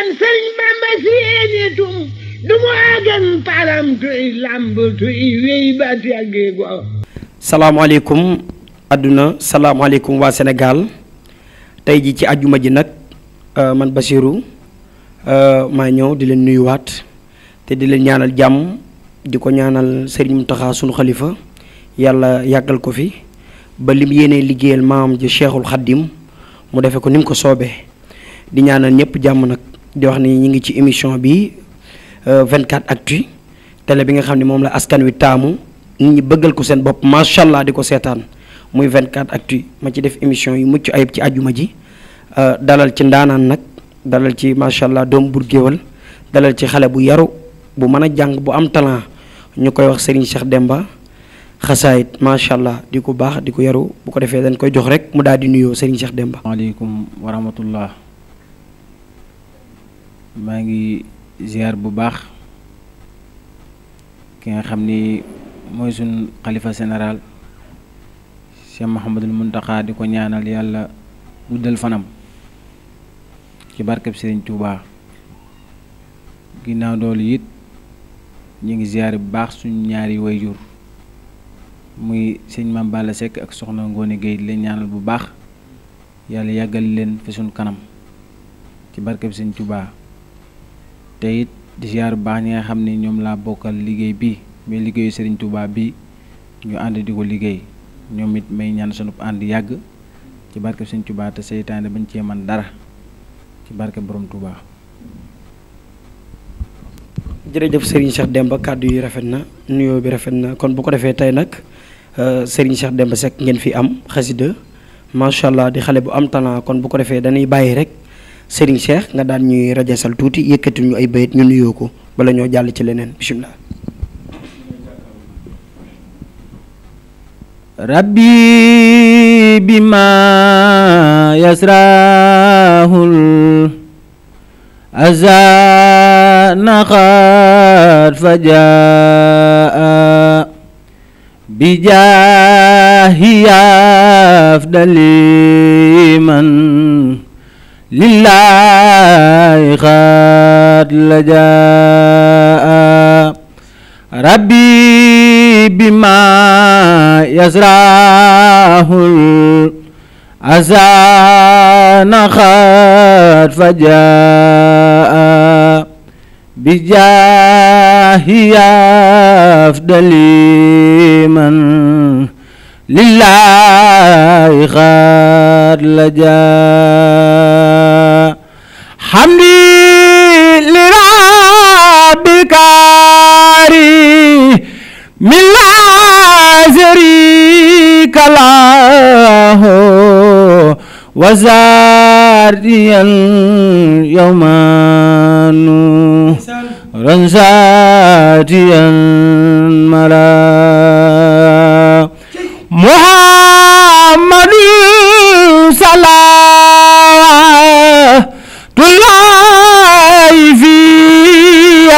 gan sëriñ Bamba si yéenetum àdduna salaamaaleykum waa senegaal tey ji ci àjjuma ji nag euh, man Basirou euh, maa ñëw di leen nuyuwaat te di leen ñaanal jàmm di ko ñaanal sëriñ Mountakha sunu xalifa yàlla yàggal ko fi ba lim yéenee liggéeyal maam ji Cheikhul Xaddim mu defe ko ni mu ko soobee di ñaanal ñëpp jàmm nag di wax ni ñu ngi ci émission bi 24 euh, actu télé bi nga xam ne moom la askan wi taamu nit ñi bëggal ko seen bopp macha allah di ko seetaan muy 24 actu ma ci def émission yi mucc ayib ci ajuma ji euh, dalal ci ndaanaan nag dalal ci macha allah doom bur géwal dalal ci xale bu yaru bu mën a jàng bu am talent ñu koy wax Serigne Cheikh Demba xasaayit macha allah di ko baax di ko yaru bu ko defee dañ koy jox rek mu daal di nuyoo Serigne Cheikh Demba. maaleykum wa rahmatullah maa ngi ziar bu baax ki nga xam ni mooy suñ xalifa général Cheikh Mouhamadul Mountakha di ko ñaanal yàlla guddal fanam ci barkeb Serigne Touba ginnaaw doolu it ñu ngi ziar bu baax suñu ñaari wayjur muy sëñ Mame Balla sekk ak soxna Ngoone Guèye di leen ñaanal bu baax yàlla yàggal leen fi suñ kanam ci barkeb Serigne Touba tey it ziar bu baax ñi nga xam ne ñoom laa bokkal liggéey bi mais liggéeyu Serigne Touba bi ñu ànd di ko liggéey ñoom it may ñaan sunu ànd yàgg ci barke Serigne Touba te seytaane bañ cee man dara ci barke borom Touba. jërëjëf Serigne Cheikh Demba kàddu yi rafet na nuyoo bi rafet na kon bu ko defee tey nag euh, Serigne Cheikh Demba Seck ngeen fi am xasida macha allah di xale bu am talent kon bu ko defee dañuy bàyyi rek. Serigne Cheikh nga daan ñuy rajasal tuuti yëkkati ñu ay bayit ñu nuyoo ko bala ñoo jàll ci leneen bisimilah. rabbi bima yasrahul azana xaat fajaa bijaahi afdali man لله قد لجاء ربي بما يزرعه الأذان قد فجاء بجاه أفضل من لله قد لجاء وزاريا يومان رزاتيا ملا محمد صلاة الله في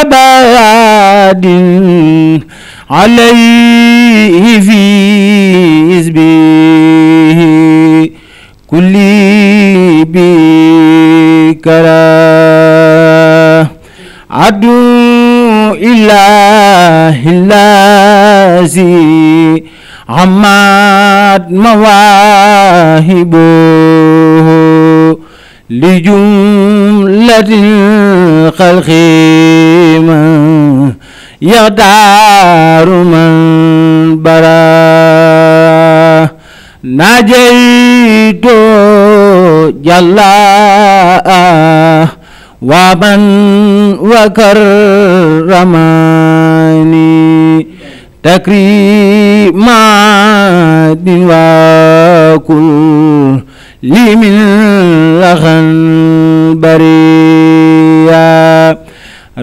أبد عليه في حزبه كله شريك له عدو إله الذي عمت مواهبه لجملة الخلق من يدار من برا نجيت جلال ومن وكرمني تكريما وكل لي من لخن بريا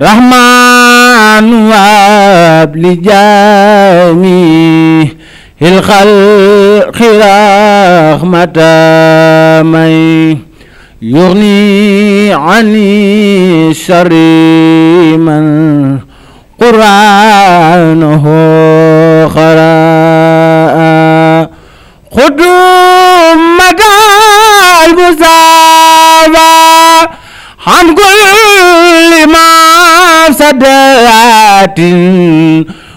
رحمن واب لجميع الخلق رحمة مي يغني عني شر من قرآنه خراء قدوم مدى المزاوى عن كل مفسدات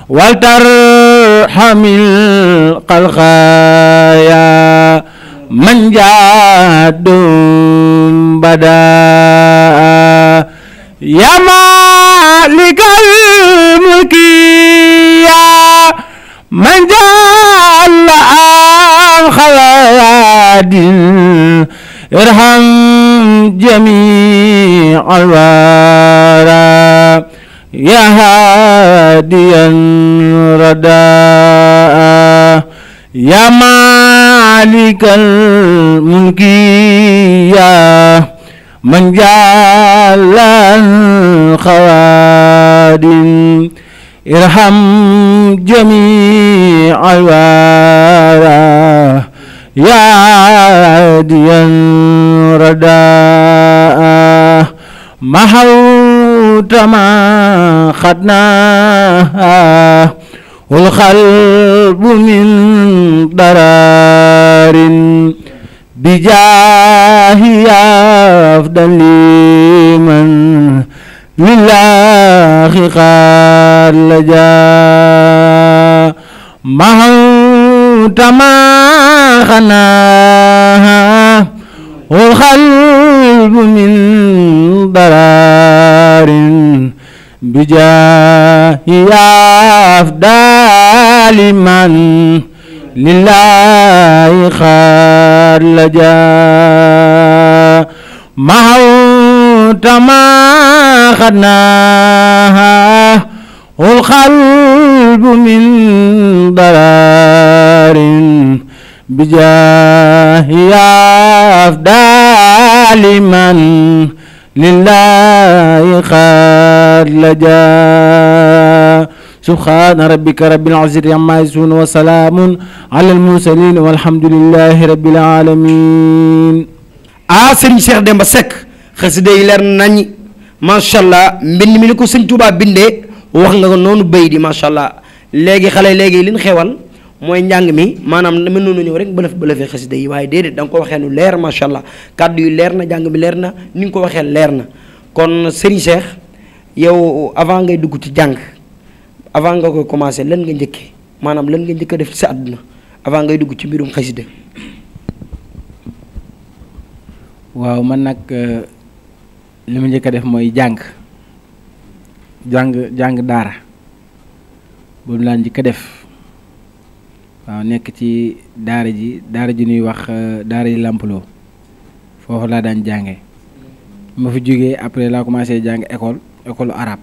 ولترحم القلقايا من جاد بداء يا مالك الملك يا من جعل عن خلاد ارحم جميع الورى يا هاديا رداء يا مالك الملك يا من جعل الخوادم ارحم جميع الورى يا عاديا رداء محوت ما خدناه والخلب من ضرار bijaahi afdali man lillaahi xaar la jaa mahu tamaaxanaa والقلب من ضرار بجاه أفضل من لله خاد لجا معوت ما خدناها والقلب من ضرار بجاه أفضل من لله خاد لجا subhaana rabbika rabbil izzati amma yasifuun wa salaamun alal mursaliin walhamdulillahi rabbil aalamiin ah sëriñ Cheikh Demba Seck xasida yi leer nañ macha allah mbind mi ni ko sëñ Tuubaa bindee wax nga ko noonu béy di macha allah léegi xale léegi li ñu xewal mooy njàng mi maanaam mën nañu ñëw rek bëlëf bëlëfee xasida yi waaye déedéet da nga ko waxee nu leer macha allah kàddu yi leer na jàng bi leer na ni nga ko waxee leer na kon sëriñ Cheikh yow avant ngay dugg ci jàng. avant nga koy commencé lan nga njëkkee maanaam lan nga njëkk def ci sa àdduna avant ngay dugg ci mbirum xasida waaw man nag euh, li ma njëkk a def mooy jàng jàng jàng daara boobu laa njëkk a def waaw nekk ci daara ji daara ji nuy wax euh, daara ji làmpaloo foofu laa daan jànge ma fi jógee après laa commencé jàng école école arabe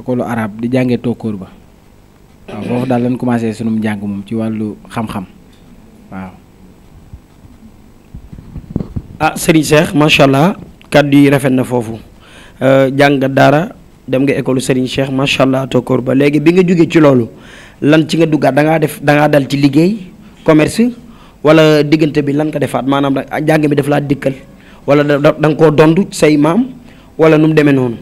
école arabe di jàngee tokkoor ba waaw foofu daal lañ commencé sunum njàng moom ci wàllu xam-xam waaw. ah Serigne Cheikh macha allah kàddu yi rafet na foofu euh, jàng nga daara dem nga école Serigne Cheikh macha allah tokkoor ba léegi bi nga jógee ci loolu lan ci nga duggaat da ngaa def da ngaa dal ci liggéey commerce wala diggante bi lan nga defaat maanaam jàng bi daf laa dikkal wala da nga koo dondu say maam wala nu mu demee noonu.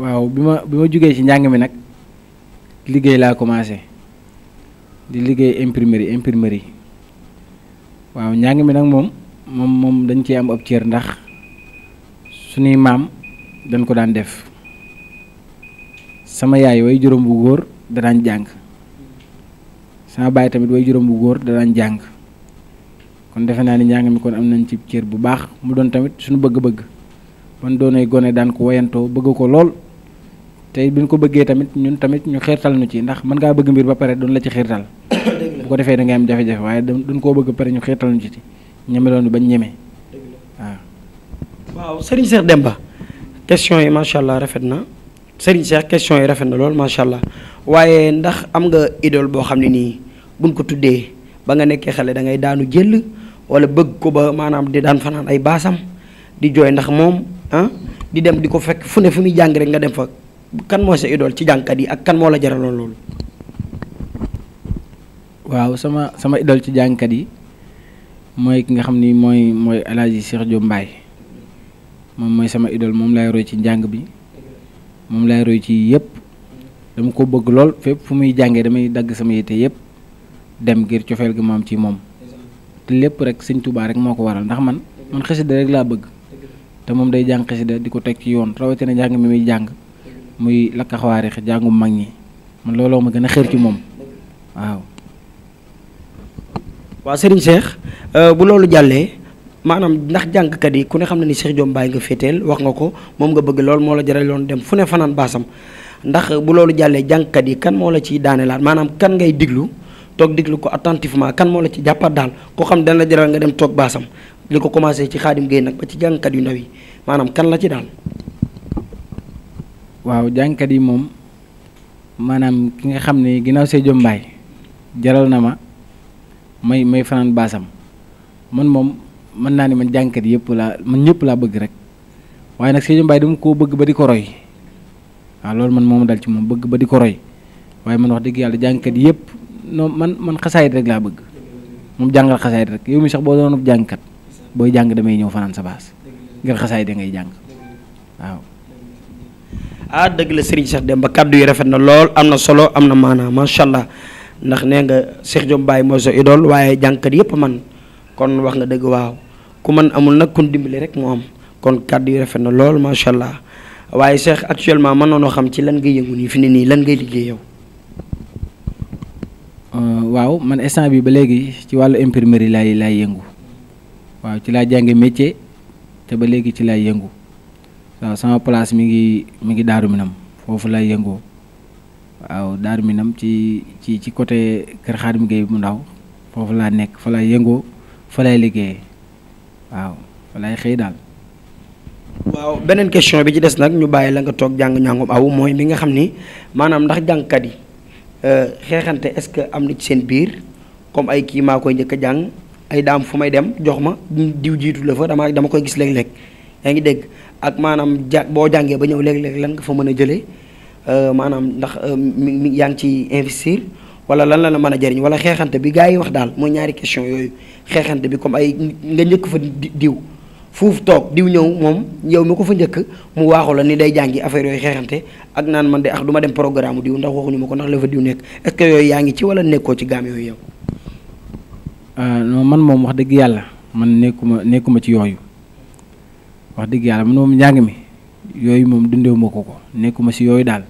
waaw bi ma bi ma jógee ci njàng mi nag liggéey laa commencé di liggéey imprimerie imprimerie waaw njàng mi nag moom moom moom dañ ci am ab cër ndax suñuy maam dañ ko daan def sama yaay way juróom bu góor da daan jàng sama baay tamit way juróom bu góor da daan jàng kon defe naa ni njàng mi kon am nañ ci cër bu baax mu doon tamit suñu bëgg-bëgg ban doonay gone daan ko woyantoo bëgg ko lool te buñ ko bëggee tamit ñun tamit ñu xiirtal ñu ci ndax mën ngaa bëgg mbir ba pare duñ la ci xiirtal bu ko defee da ngay am jafe-jafe waaye duñ koo bëgg pare ñu xiirtal ñu ci ñemeloon bi bañ ñeme waaw. waaw Serigne Cheikh Demba question yi macha allah rafet na Serigne Cheikh question yi rafet na loolu macha allah waaye ndax am nga idole boo xam ne nii buñ ko tuddee ba nga nekkee xale dangay daanu jël wala bëgg ko ba maanaam di daan fanaan ay baasam di jooy ndax moom ah, di dem di ko fekk fu ne fu muy jàng rek nga dem fa. kan moo sa idool ci jànkat yi ak kan moo la jaraloon loolu. waaw sama sama idole ci jànkat yi mooy ki nga xam ni mooy mooy El Hadj Cheikh Diop moom mooy sama idole moom laay roy ci njàng bi moom laay ci yëpp dama ko bëgg lool fépp fu muy jàngee damay dagg sama yite yëpp dem ngir cofeel gi moom ci moom te lépp rek sëñ Touba rek moo ko waral ndax man man xasida rek laa bëgg te moom day jàng xasida di ko teg ci yoon na jàng mi muy jàng. muy lakkaxawaarix jàngum mag ñi man looloo ma gën a xër ci moom waaw. waaw Serigne Cheikh euh, bu loolu jàllee maanaam ndax jàngkat yi ku ne xam na ni Cheikh Diome baay nga féeteel wax nga ko moom nga bëgg lool moo la jaraloon dem fu ne fanaan baasam ndax bu loolu jàllee jàngkat yi kan moo la ciy daaneelaat maanaam kan ngay diglu toog diglu ko attentivement kan moo la ci jàppaat daal koo xam dana la jaral nga dem toog baasam li ko commencé ci xaadim géey nag ba ci jàngkat yu ndaw yi maanaam kan la ci daal. waaw jàngkat yi moom maanaam ki nga xam ne ginnaaw see jombaay jaral na ma may may fanaan baasam man moom mën naa ne man jàngkat yëpp laa man ñëpp laa bëgg rek waaye nag see jombaay dama koo bëgg ba di ko roy waaw loolu man moom dal ci moom bëgg ba di ko roy waaye man wax dëgg yàlla jàngkat yëpp noonu man man xasaayit rek laa bëgg moom jàngal xasaayit rek yow mi sax boo doon jàngkat booy jàng damay ñëw fanaan sa baas ngir xasaayit da ngay jàng waaw ah dëgg la Serigne Cheikh ba kàddu yi rafet na lool am na solo am na maanaam macha allah ndax nee nga Cheikh Diop Baye mooy sa idole waaye jànkat yëpp man kon wax nga dëgg waaw ku man amul nag kun dimbali rek moo am kon kàddu yi rafet na lool macha allah waaye Cheikh actuellement mën noonoo xam ci lan ngay yëngu nii fi ne nii lan ngay liggéey yow. Euh, waaw man instant bi ba léegi ci wàllu imprimerie laay laay yëngu waaw ci laa jànge métier te ba léegi ci laay yëngu. waaw sama place mi ngi mi ngi Daaru Minam foofu lay yëngoo waaw Daaru Minam ci ci ci côté Kër Xaadim mu ndaw foofu laa nekk fa lay yëngoo fa lay liggéeyee waaw fa lay xëy daal. waaw beneen question bi ci des nag ñu bàyyi la nga toog jàng ñàngum aw mooy mi nga xam ni maanaam ndax jàngkat yi euh, xeexante est-ce que am na ci seen biir comme ay kii maa koy njëkk a jàng ay daam fu may dem jox ma diw jiitu la fa dama dama koy gis léeg lekk yaa ngi dégg ak maanaam ja boo jàngee ba ñëw léeg-léeg lan nga fa mën a jëlee euh, maanaam ndax euh, mi yaa ngi ci investir wala lan la la mën a jariñ wala xeexante bi gaa yi wax daal mooy ñaari question yooyu xeexante bi comme ay nga njëkk fa diw fuuf toog diw ñëw moom yow mi ko fa njëkk mu waaxu la ni day jàngi affaire yooyu xeexante ak naan man de ax ah, du ma dem programme diw ndax waxuñu ma ko ndax la fa diw nekk est yooyu yaa ngi ci wala nekkoo ci gaam yooyu yow euh, man moom wax dëgg yàlla man nekkuma nekkuma ci yooyu wax dëgg yàlla man moom njàng mi yooyu moom dundewu ma ko ko nekkuma si yooyu daal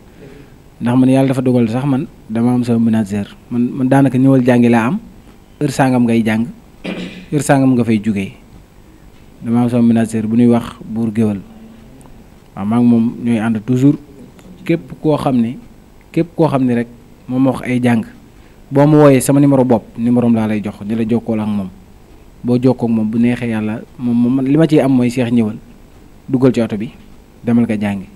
ndax man yàlla dafa dogal sax man dama am sama manager man man daanaka ñëwal jàngi laa am heure sangam ngay jàng heure sangam nga fay jugee dama am sama manager bu ñuy wax buur géwal waaw maa moom ñooy ànd toujours képp koo xam ne képp koo xam ne rek moom wax ay jàng boo ma wooyee sama numéro bopp numéro am laa lay jox di la jokkool ak moom boo jokkoo ak moom bu neexee yàlla moom moom li ma ciy am mooy seex ñëwal duggal ci oto bi demal ko jàngi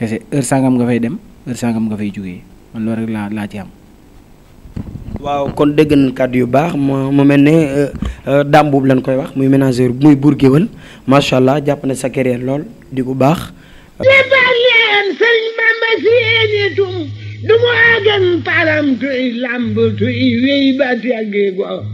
kese heure sangam nga fay dem heure sangam nga fay jógee man loolu rek laa laa ci am. waaw kon dégg nañ yu baax mu mel ni euh, euh, daam boobu lañ koy wax muy ménageur muy buur géwël macha allah jàpp na sa carrière lool di bu baax. defal leen sëñ Bamba seeni tum du mu àggan param tuy lamb tuy wéy ba teggi ko